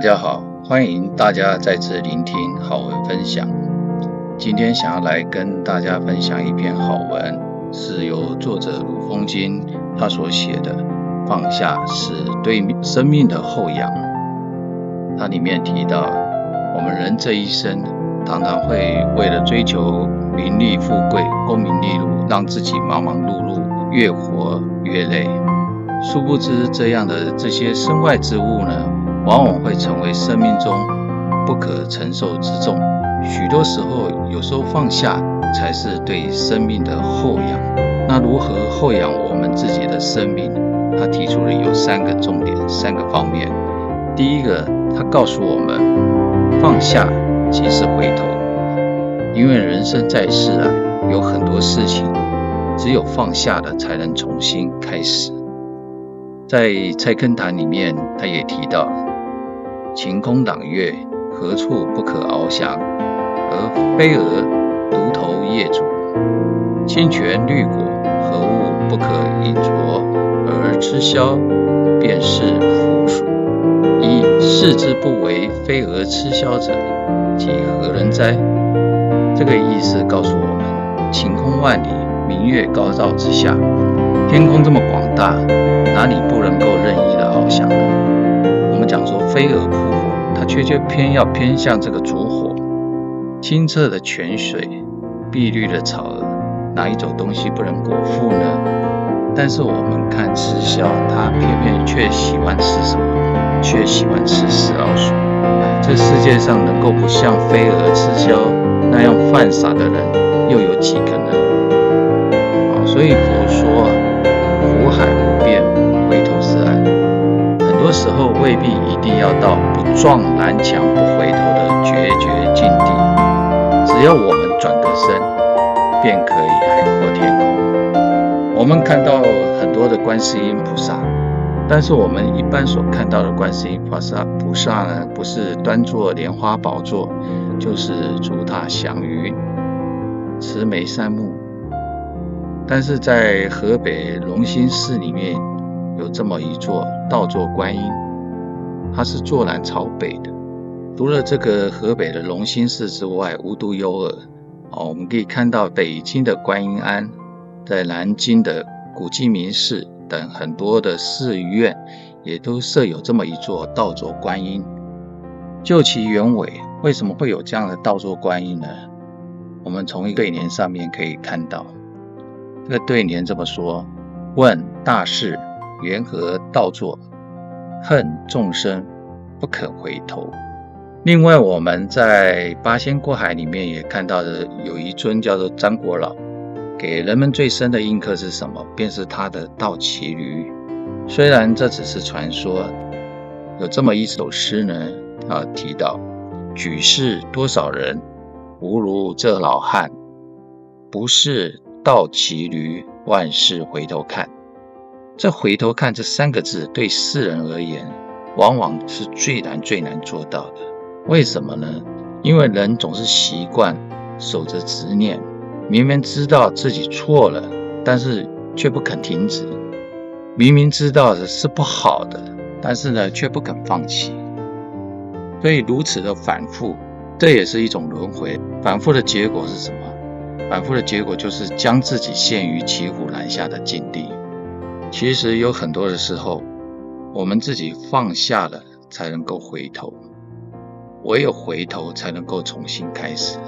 大家好，歡迎大家再次聆聽好文分享。今天想要來跟大家分享一篇好文，是由作者魯風金他所寫的《放下是對生命的厚養》。它裡面提到，我們人這一生，常常會為了追求名利富貴、功名利祿，讓自己忙忙碌碌，越活越累。殊不知，這樣的這些身外之物呢，往往會成為生命中不可承受之重。許多時候，有時候放下才是對生命的厚養。那如何厚養我們自己的生命？他提出了有三個重點、三個方面。第一個，他告訴我們，放下即是回頭，因為人生在世啊，有很多事情，只有放下了才能重新開始。在《菜根譚》裡面，他也提到，晴空朗月，何處不可翱翔？而飛蛾獨投夜燭，清泉綠果，何物不可一啄？而痴銷，便是腐鼠。以視之不為飛蛾痴銷者，即何人哉？這個意思告訴我們：晴空萬里，明月高照之下，天空這麼廣大，哪裡不能夠任意的翱翔呢？講說飛蛾撲火，它卻卻偏要偏向這個燭火；清澈的泉水，碧綠的草兒，哪一種東西不能果腹呢？但是我們看鴟鴞，它偏偏卻喜歡吃什麼，卻喜歡吃死老鼠。這世界上能夠不像飛蛾鴟鴞那樣犯傻的人，又有幾個呢？哦，所以佛說，苦海無邊。這時候未必一定要到不撞南牆不回頭的決絕境地，只要我們轉個身，便可以海闊天空。我們看到很多的觀世音菩薩，但是我們一般所看到的觀世音菩薩，菩薩呢，不是端坐蓮花寶座，就是足踏祥雲，慈眉善目。但是在河北隆興寺裡面，有這麼一座倒坐觀音，它是坐南朝北的。除了這個河北的隆興寺之外，無獨有偶，我們可以看到北京的觀音庵，在南京的古雞鳴寺等很多的寺院，也都設有這麼一座倒坐觀音。究其原委，為什麼會有這樣的倒坐觀音呢？我們從一個對聯上面可以看到，這個對聯這麼說：“問大士。”緣何倒坐，恨眾生不肯回頭。另外，我們在八仙過海裡面也看到的有一尊叫做張果老，給人們最深的印刻是什麼？便是他的倒騎驢。雖然這只是傳說，有這麼一首詩呢，啊，提到：舉世多少人，無如這老漢，不是倒騎驢，萬事回頭看。這回頭看這三個字，對世人而言，往往是最難最難做到的。為什麼呢？因為人總是習慣守着執念，明明知道自己錯了，但是卻不肯停止；明明知道的是不好的，但是呢，卻不肯放棄。所以如此的反復，這也是一種輪迴。反復的結果是什麼？反復的結果就是將自己陷於騎虎難下的境地。其實有很多的時候，我們自己放下了，才能夠回頭；唯有回頭，才能夠重新開始。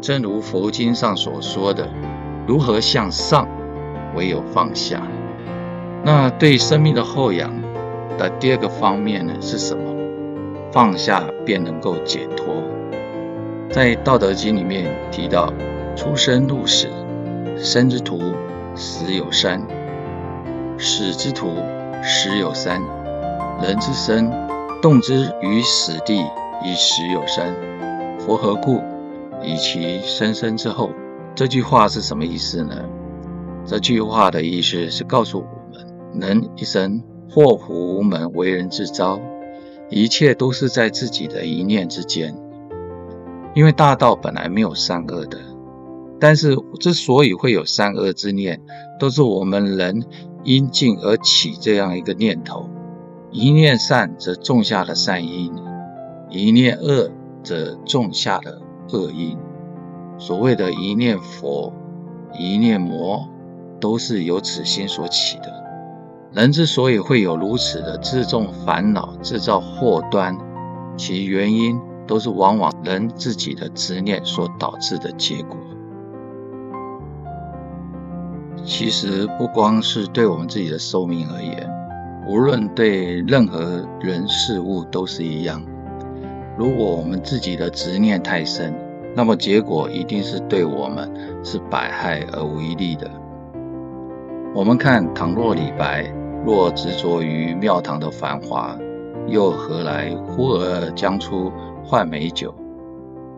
正如佛經上所說的：“如何向上？唯有放下。”那對生命的厚養的第二個方面呢？是什麼？放下便能夠解脫。在《道德經》裡面提到：“出生入死，生之徒，死有三。”死之徒，十有三；人之生，動之於死地，亦十有三。夫何故？以其生生之厚？這句話是什麼意思呢？這句話的意思是告訴我們：人一生禍福無門，為人自招，一切都是在自己的一念之間。因為大道本來沒有善惡的。但是，之所以會有善惡之念，都是我們人因境而起這樣一個念頭。一念善則種下了善因，一念惡則種下了惡因。所謂的一念佛、一念魔，都是由此心所起的。人之所以會有如此的自重煩惱、制造禍端，其原因都是往往人自己的執念所導致的結果。其實不光是對我們自己的壽命而言，無論對任何人事物都是一樣。如果我們自己的執念太深，那麼結果一定是對我們是百害而無一利的。我們看，倘若李白若執着於廟堂的繁華，又何來呼兒將出換美酒，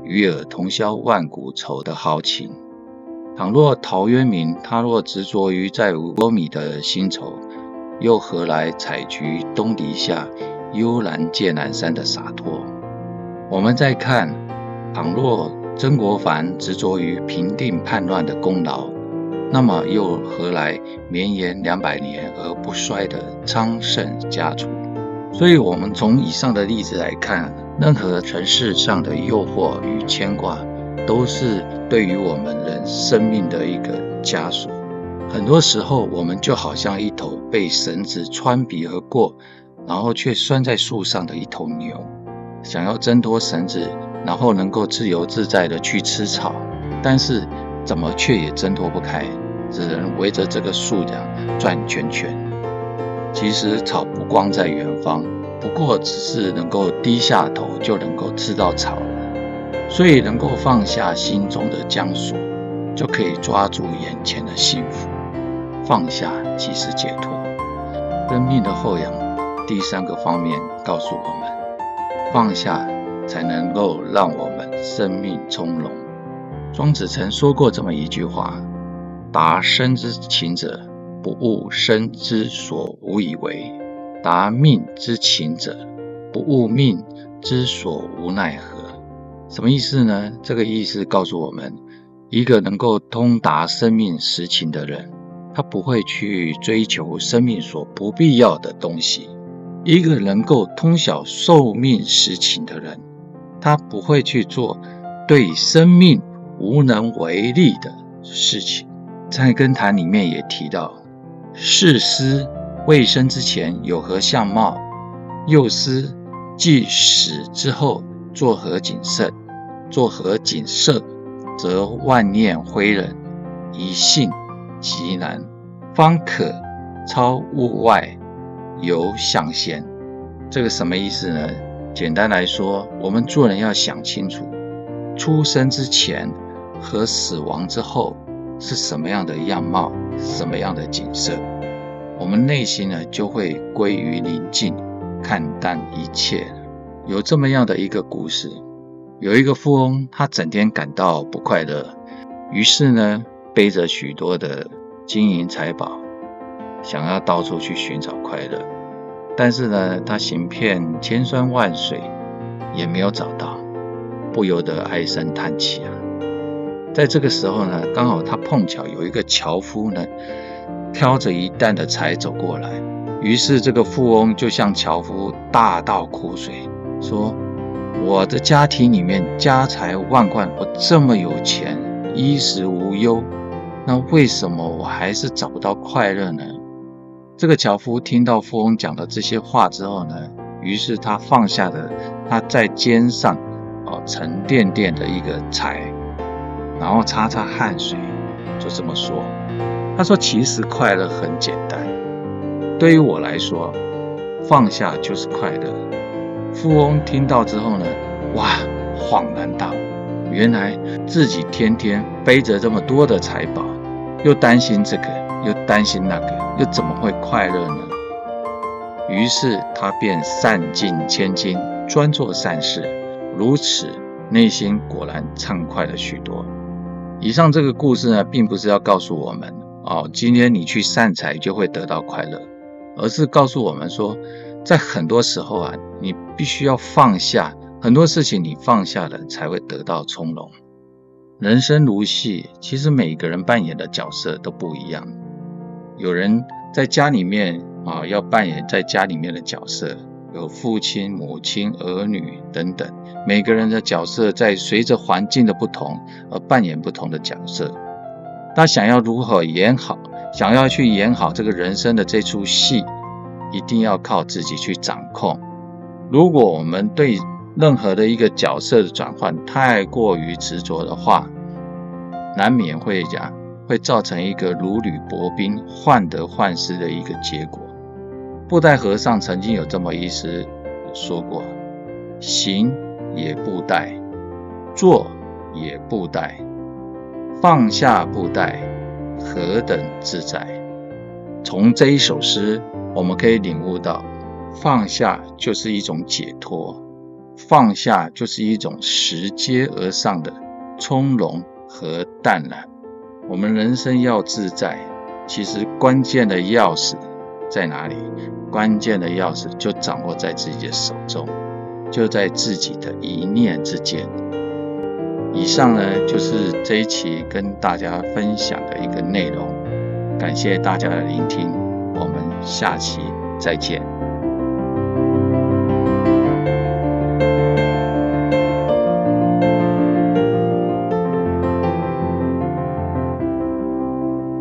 與爾同銷萬古愁的豪情？倘若陶淵明他若執着於在五斗米的薪酬，又何來采菊東籬下，悠然見南山的灑脫？我們再看，倘若曾國藩執着於平定叛亂的功勞，那麼又何來綿延兩百年而不衰的昌盛家族？所以，我們從以上的例子來看，任何塵世上的誘惑與牽掛。都是對於我們人生命的一個枷鎖。很多時候，我們就好像一頭被繩子穿鼻而過，然後卻拴在樹上的一頭牛，想要掙脫繩子，然後能夠自由自在地去吃草，但是怎麼卻也掙脫不開，只能圍着這個樹這樣轉圈圈。其實草不光在遠方，不過只是能夠低下頭就能夠吃到草。所以，能夠放下心中的枷鎖，就可以抓住眼前的幸福。放下即是解脫。生命的厚養，第三個方面告訴我們：放下才能夠讓我們生命從容。莊子曾說過這麼一句話：“達生之情者，不務生之所無以為；達命之情者，不務命之所無奈何。”什麼意思呢？這個意思告訴我們，一個能夠通達生命實情的人，他不會去追求生命所不必要的東西；一個能夠通曉壽命實情的人，他不會去做對生命無能為力的事情。《菜根譚》裡面也提到：“試思未生之前有何相貌？又思既死之後。”作何景色？作何景色，則萬念灰冷，一性極難，方可超物外，遊象先。這個什麼意思呢？簡單來說，我們做人要想清楚，出生之前和死亡之後是什麼樣的樣貌，什麼樣的景色，我們內心呢就會歸於寧靜，看淡一切。有這麼樣的一個故事，有一個富翁，他整天感到不快樂，於是呢，背着許多的金銀財寶，想要到處去尋找快樂，但是呢，他行遍千山萬水，也沒有找到，不由得唉聲嘆氣啊。在這個時候呢，剛好他碰巧有一個樵夫呢，挑着一擔的柴走過來，於是這個富翁就向樵夫大倒苦水。說，我的家庭裡面家財萬貫，我這麼有錢，衣食無憂，那為什麼我還是找不到快樂呢？這個樵夫聽到富翁講的這些話之後呢，於是他放下了他在肩上哦、呃、沉甸甸的一個柴，然後擦擦汗水，就這麼說。他說：“其實快樂很簡單，對於我來說，放下就是快樂。”富翁聽到之後呢，哇，恍然大悟，原來自己天天背着這麼多的財寶，又擔心這個，又擔心那個，又怎麼會快樂呢？於是他便散盡千金，專做善事，如此內心果然暢快了許多。以上這個故事呢，並不是要告訴我們，哦，今天你去散財就會得到快樂，而是告訴我們說。在很多時候啊，你必須要放下，很多事情你放下了才會得到從容。人生如戲，其實每個人扮演的角色都不一樣。有人在家裡面啊，要扮演在家裡面的角色，有父親、母親、兒女等等。每個人的角色在隨着環境的不同而扮演不同的角色。他想要如何演好，想要去演好這個人生的這齣戲。一定要靠自己去掌控。如果我們對任何的一個角色的轉換太過於執着的話，難免會講，會造成一個如履薄冰、患得患失的一個結果。布袋和尚曾經有這麼一詩說過：“行也布袋，坐也布袋，放下布袋，何等自在。”從這一首詩。我們可以領悟到，放下就是一種解脫，放下就是一種拾階而上的從容和淡然。我們人生要自在，其實關鍵的鑰匙在哪裡？關鍵的鑰匙就掌握在自己的手中，就在自己的一念之間。以上呢，就是這一期跟大家分享的一個內容，感謝大家的聆聽。下期再見。